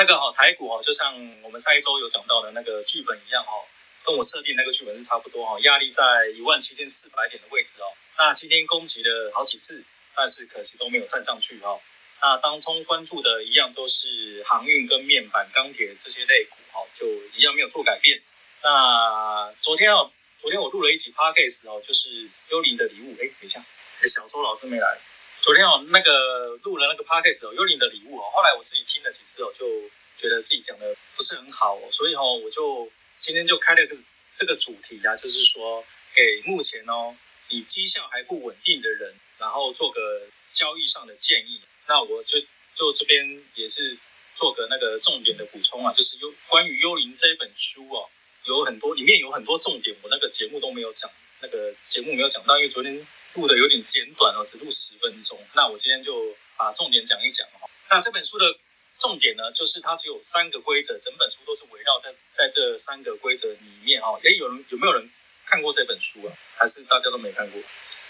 那個哦台股哦，就像我們上一周有講到的那個劇本一樣哦，跟我設定那個劇本是差不多哦，壓力在一萬七千四百點的位置哦。那今天攻擊了好幾次，但是可惜都沒有站上去哦。那當中關注的一樣都是航運跟面板、鋼鐵這些類股哦，就一樣沒有做改變。那昨天哦，昨天我錄了一集 podcast 哦，就是《幽靈的禮物》。哎，等一下，哎，小周老師沒來。昨天哦，那個錄了那個 podcast 哦，幽靈的禮物哦，後來我自己聽了幾次哦，就覺得自己講的不是很好，哦，所以哈，哦，我就今天就開了個這個主題啊，就是說給目前哦，你績效還不穩定的人，然後做個交易上的建議。那我就就這邊也是做個那個重點的補充啊，就是幽，關於幽靈這本書哦，有很多裡面有很多重點，我那個節目都沒有講，那個節目沒有講到，因為昨天。錄的有點簡短哦，只錄十分鐘。那我今天就把重點講一講哦。那這本書的重點呢，就是它只有三個規則，整本書都是圍繞在在這三個規則裡面哦。誒、欸，有人有沒有人看過這本書啊？還是大家都沒看過？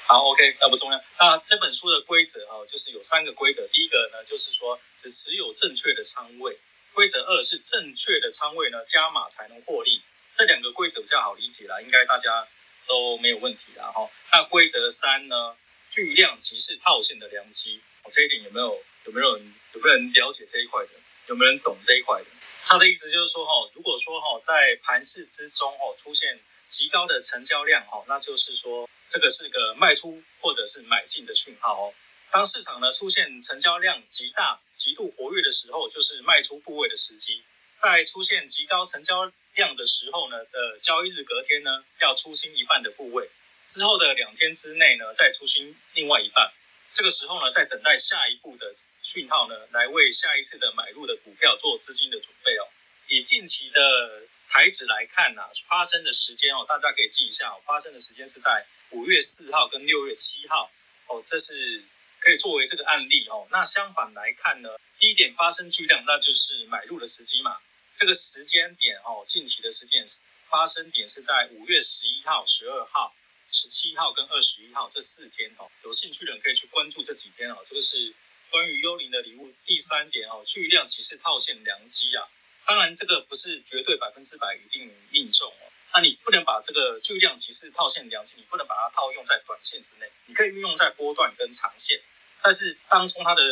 好，OK，那不重要。那這本書的規則哦，就是有三個規則。第一個呢，就是說只持有正確的倉位。規則二是正確的倉位呢，加碼才能獲利。這兩個規則比較好理解啦，應該大家。都沒有問題的哈。那規則三呢？巨量即是套現的良機，這一點有沒有有沒有人有沒有人了解這一塊的？有沒有人懂這一塊的？他的意思就是說哈，如果說哈在盤勢之中哈出現極高的成交量哈，那就是說這個是個賣出或者是買進的訊號哦。當市場呢出現成交量極大、極度活躍的時候，就是賣出部位的時機。在出現極高成交。量的時候呢，的交易日隔天呢，要出清一半的部位，之後的兩天之內呢，再出清另外一半。這個時候呢，在等待下一步的訊號呢，來為下一次的買入的股票做資金的準備哦。以近期的台指來看呢，啊，發生的時間哦，大家可以記一下，哦，發生的時間是在五月四號跟六月七號哦，這是可以作為這個案例哦。那相反來看呢，低點發生巨量，那就是買入的時機嘛。這個時間點哦，近期的事件發生點是在五月十一號、十二號、十七號跟二十一號這四天哦。有興趣的人可以去關注這幾天哦。這個是關於幽靈的禮物第三點哦，巨量即是套現良機啊。當然這個不是絕對百分之百一定命中哦。那你不能把這個巨量即是套現良機，你不能把它套用在短線之內，你可以運用在波段跟長線。但是當沖它的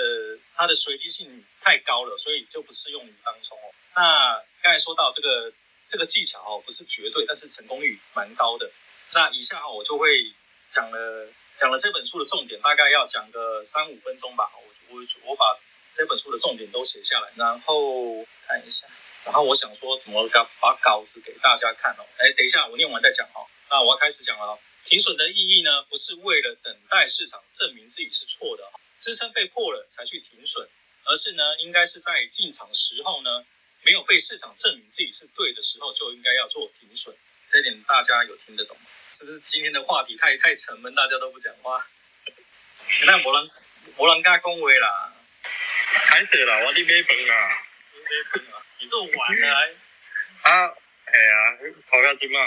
它的隨機性太高了，所以就不適用於當沖哦。那剛才說到這個這個技巧哦，不是絕對，但是成功率蠻高的。那以下哈我就會講了講了這本書的重點，大概要講個三五分鐘吧。我我我把這本書的重點都寫下來，然後看一下，然後我想說怎麼搞把稿子給大家看哦。哎，等一下我念完再講哈。那我要開始講了哦。停損的意義呢，不是為了等待市場證明自己是錯的，支撐被破了才去停損，而是呢，應該是在進場時候呢。沒有被市場證明自己是對的時候，就應該要做停損。這點大家有聽得懂嗎？是不是今天的話題太太沉悶，大家都不講話？現在沒人沒人家講話啦，開始了我在買飯,你買飯啊，買飯啊，你這麼晚啊？哎呀啊，泡咖嘛？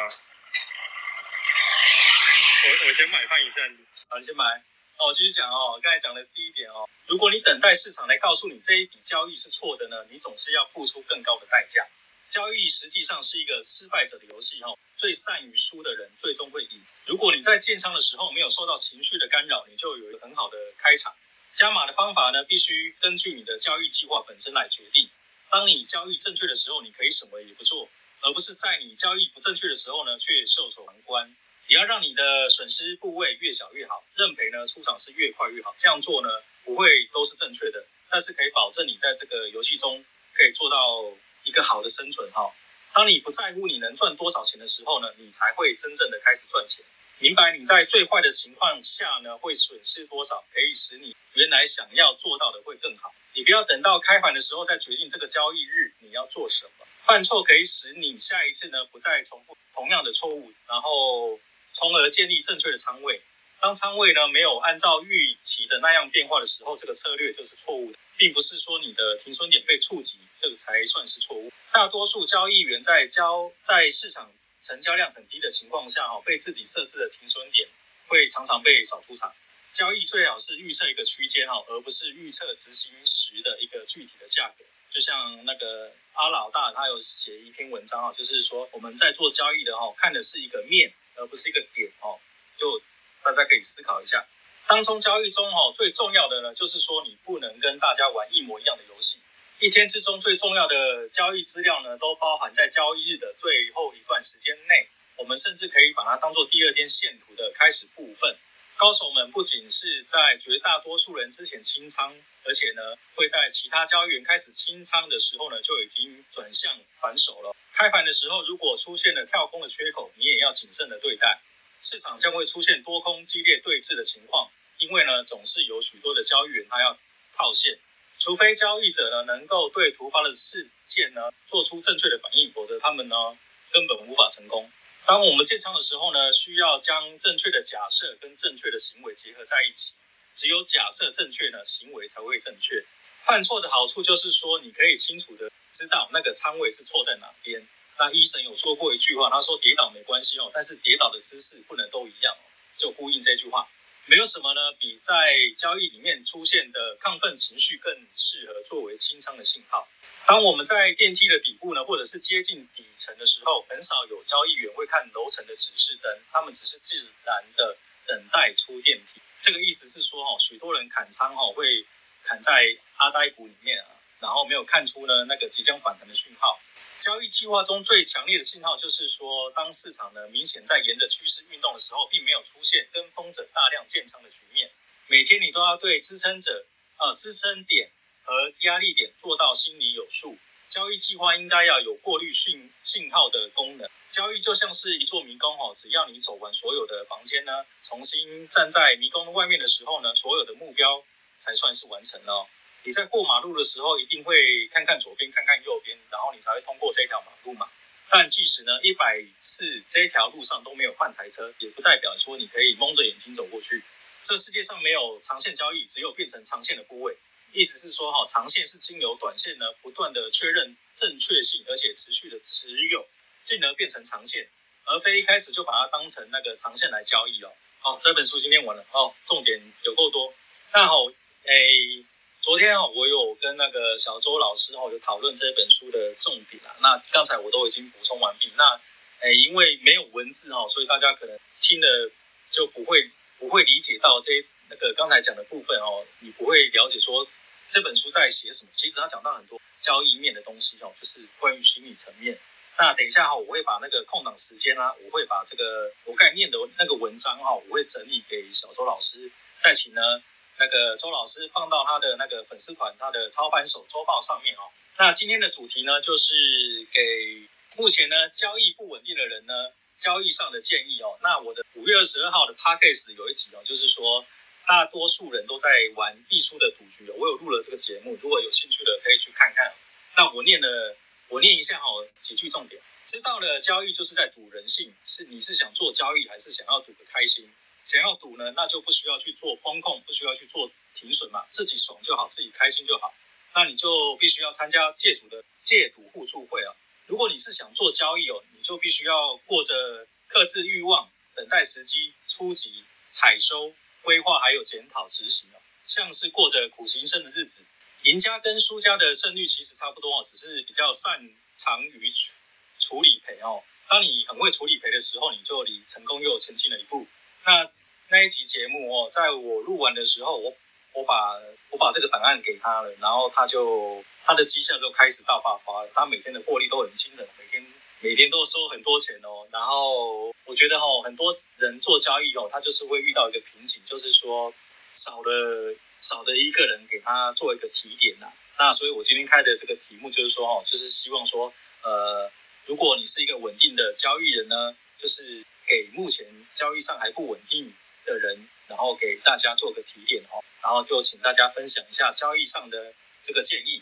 我我先買飯一下，啊、你先買。好繼續講哦，剛才講的第一點哦，如果你等待市場來告訴你這一筆交易是錯的呢，你總是要付出更高的代價。交易實際上是一個失敗者的遊戲，哦。最善於輸的人最終會贏。如果你在建倉的時候沒有受到情緒的干擾，你就有一個很好的開場。加碼的方法呢，必須根據你的交易計劃本身來決定。當你交易正確的時候，你可以什麼也不做，而不是在你交易不正確的時候呢，卻袖手旁觀。也要讓你的損失部位越小越好，認賠呢出場是越快越好。這樣做呢不會都是正確的，但是可以保證你在這個遊戲中可以做到一個好的生存哈。當你不在乎你能賺多少錢的時候呢，你才會真正的開始賺錢。明白你在最壞的情況下呢會損失多少，可以使你原來想要做到的會更好。你不要等到開盤的時候再決定這個交易日你要做什麼。犯錯可以使你下一次呢不再重複同樣的錯誤，然後。從而建立正確的倉位。當倉位呢沒有按照預期的那樣變化的時候，這個策略就是錯誤的，並不是說你的停損點被觸及，這個才算是錯誤。大多數交易員在交，在市場成交量很低的情況下，哈，被自己設置的停損點會常常被掃出場。交易最好是預測一個區間，哈，而不是預測執行時的一個具體的價格。就像那個阿老大他有寫一篇文章，哈，就是說我們在做交易的，哈，看的是一個面。而不是一個點哦，就大家可以思考一下，當沖交易中哦，最重要的呢，就是說你不能跟大家玩一模一樣的遊戲。一天之中最重要的交易資料呢，都包含在交易日的最後一段時間內，我們甚至可以把它當做第二天線圖的開始部分。高手們不僅是在絕大多數人之前清倉。而且呢，會在其他交易員開始清倉的時候呢，就已經轉向反手了。開盤的時候，如果出現了跳空的缺口，你也要謹慎的對待。市場將會出現多空激烈對峙的情況，因為呢，總是有許多的交易員他要套現，除非交易者呢能夠對突發的事件呢做出正確的反應，否則他們呢根本無法成功。當我們建倉的時候呢，需要將正確的假設跟正確的行為結合在一起。只有假設正確呢，行為才會正確。犯錯的好處就是說，你可以清楚的知道那個倉位是錯在哪邊。那醫生有說過一句話，他說跌倒沒關係哦，但是跌倒的姿勢不能都一樣哦。就呼應這句話，沒有什麼呢，比在交易裡面出現的亢奮情緒更適合作為清倉的信號。當我們在電梯的底部呢，或者是接近底層的時候，很少有交易員會看樓層的指示燈，他們只是自然的等待出電梯。這個意思是說，哦，許多人砍倉，哦，會砍在阿呆股裡面啊，然後沒有看出呢那個即將反彈的訊號。交易計劃中最強烈的信號就是說，當市場呢明顯在沿着趨勢運動的時候，並沒有出現跟風者大量建倉的局面。每天你都要對支撐者、呃支撐點和壓力點做到心裡有數。交易計劃應該要有過濾訊訊號的功能。交易就像是一座迷宮，只要你走完所有的房間呢，重新站在迷宮外面的時候呢，所有的目標才算是完成了。你在過馬路的時候，一定會看看左邊看看右邊，然後你才會通過這條馬路嘛。但即使呢一百次這條路上都沒有半台車，也不代表說你可以蒙着眼睛走過去。這世界上沒有長線交易，只有變成長線的部位。意思是說，哈，長線是經由短線呢不斷的確認正確性，而且持續的持有，進而變成長線，而非一開始就把它當成那個長線來交易哦。好，這本書今天完了哦，重點有夠多。那好，誒，昨天啊，我有跟那個小周老師哈，有討論這本書的重點，那剛才我都已經補充完畢。那，誒，因為沒有文字哈，所以大家可能聽了就不會不會理解到這那個剛才講的部分哦，你不會了解說。這本書在寫什麼？其實他講到很多交易面的東西哦，就是關於心理層面。那等一下哈、哦，我會把那個空檔時間啊，我會把這個我該念的那個文章哈、哦，我會整理給小周老師，再請呢那個周老師放到他的那個粉絲團、他的操盤手周報上面哦。那今天的主題呢，就是給目前呢交易不穩定的人呢交易上的建議哦。那我的五月二十二號的 podcast 有一集哦，就是說。大多數人都在玩必輸的賭局哦，我有錄了這個節目，如果有興趣的可以去看看。那我念了，我念一下哈、哦，幾句重點。知道了，交易就是在賭人性，是你是想做交易，還是想要賭得開心？想要賭呢，那就不需要去做風控，不需要去做停損嘛，自己爽就好，自己開心就好。那你就必須要參加戒主的戒賭互助會啊。如果你是想做交易哦，你就必須要過着克制慾望，等待時機，出擊採收、規劃還有檢討執行哦，像是過着苦行僧的日子。贏家跟輸家的勝率其實差不多哦，只是比較擅長於處處理賠哦。當你很會處理賠的時候，你就離成功又前進了一步。那那一集節目哦，在我錄完的時候，我我把我把這個檔案給他了，然後他就他的績效就開始大爆發了，他每天的獲利都很驚人，每天。每天都收很多錢哦，然後我覺得哈，很多人做交易哦，他就是會遇到一個瓶頸，就是說少了少了一個人給他做一個提點吶、啊。那所以我今天開的這個題目就是說哈，就是希望說，呃，如果你是一個穩定的交易人呢，就是給目前交易上還不穩定的人，然後給大家做個提點哦，然後就請大家分享一下交易上的這個建議。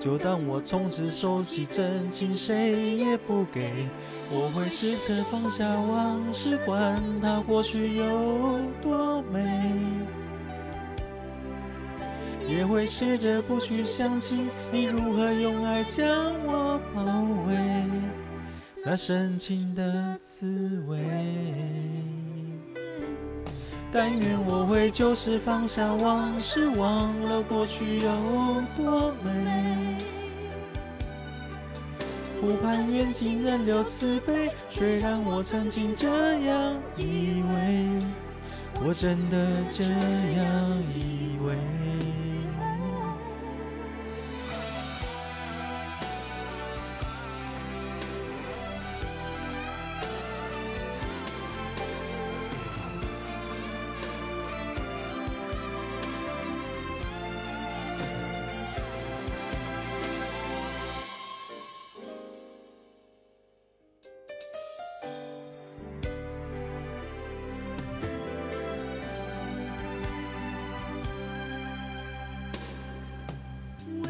就當我從此收起真情，誰也不給。我會試着放下往事，管它過去有多美，也會試着不去想起你如何用愛將我包圍，那深情的滋味，但願我會就此放下往事，忘了過去有多美。不盼緣盡仍留慈悲，雖然我曾經這樣以為，我真的這樣以為。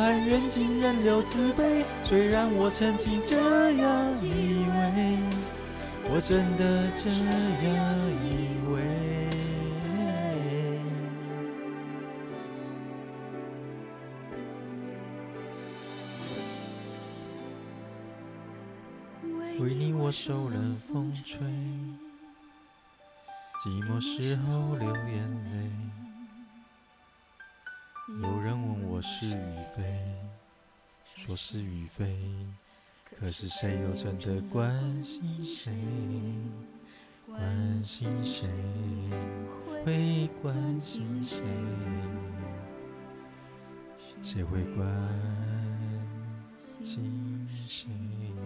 不盼緣盡仍留慈悲，雖然我曾經這樣以為，我真的這樣以為。為你我受冷風吹，寂寞時候流眼淚。有人問我是與非，說是與非，可是誰又真的關心誰？關心誰？會關心誰？誰會關心誰？